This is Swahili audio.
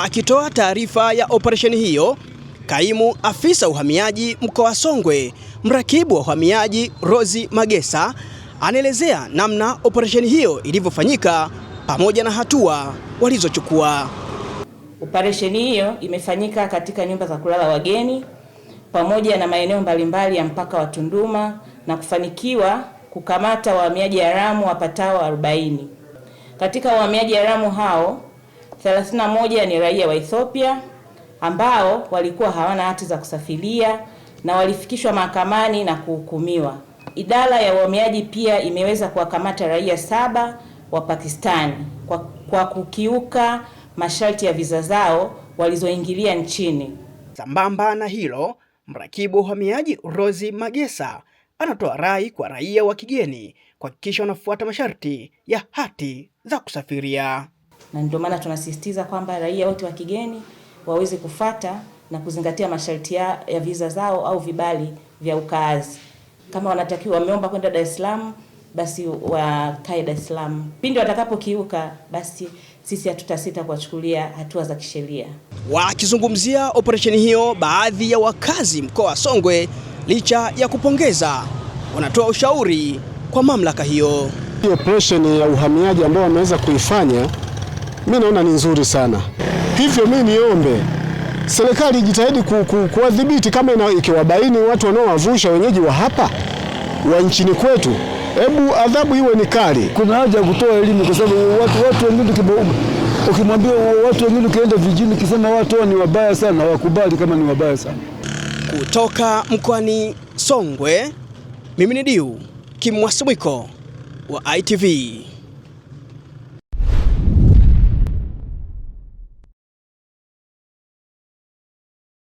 Akitoa taarifa ya operesheni hiyo, kaimu afisa uhamiaji mkoa wa Songwe, mrakibu wa uhamiaji Rozi Magesa, anaelezea namna operesheni hiyo ilivyofanyika pamoja na hatua walizochukua. Operesheni hiyo imefanyika katika nyumba za kulala wageni pamoja na maeneo mbalimbali ya mpaka wa Tunduma na kufanikiwa kukamata wahamiaji haramu wapatao 40. Katika wahamiaji haramu hao 31 ni raia wa Ethiopia ambao walikuwa hawana hati za kusafiria na walifikishwa mahakamani na kuhukumiwa. Idara ya uhamiaji pia imeweza kuwakamata raia saba wa Pakistani kwa, kwa kukiuka masharti ya viza zao walizoingilia nchini. Sambamba na hilo, mrakibu wa uhamiaji rosi Magesa anatoa rai kwa raia wa kigeni kuhakikisha wanafuata masharti ya hati za kusafiria na ndio maana tunasisitiza kwamba raia wote wa kigeni waweze kufata na kuzingatia masharti ya, ya viza zao au vibali vya ukaazi. Kama wanatakiwa wameomba kwenda Dar es Salaam, basi wakae Dar es Salaam. Pindi watakapokiuka, basi sisi hatutasita kuwachukulia hatua za kisheria. Wakizungumzia operesheni hiyo, baadhi ya wakazi mkoa wa Songwe, licha ya kupongeza, wanatoa ushauri kwa mamlaka hiyo. operesheni ya uhamiaji ambayo wameweza kuifanya mi naona ni nzuri sana. Hivyo mi niombe serikali ijitahidi ku, ku, kuwadhibiti kama ina, ikiwabaini watu wanaowavusha wenyeji wa hapa wa nchini kwetu, hebu adhabu iwe ni kali. Kuna haja ya kutoa elimu kwa sababu watu watu wengine ukimwambia watu wengine ukienda vijini ukisema watu ni wabaya sana, wakubali kama ni wabaya sana. Kutoka mkoani Songwe, mimi ni Diu Kimwasimwiko wa ITV.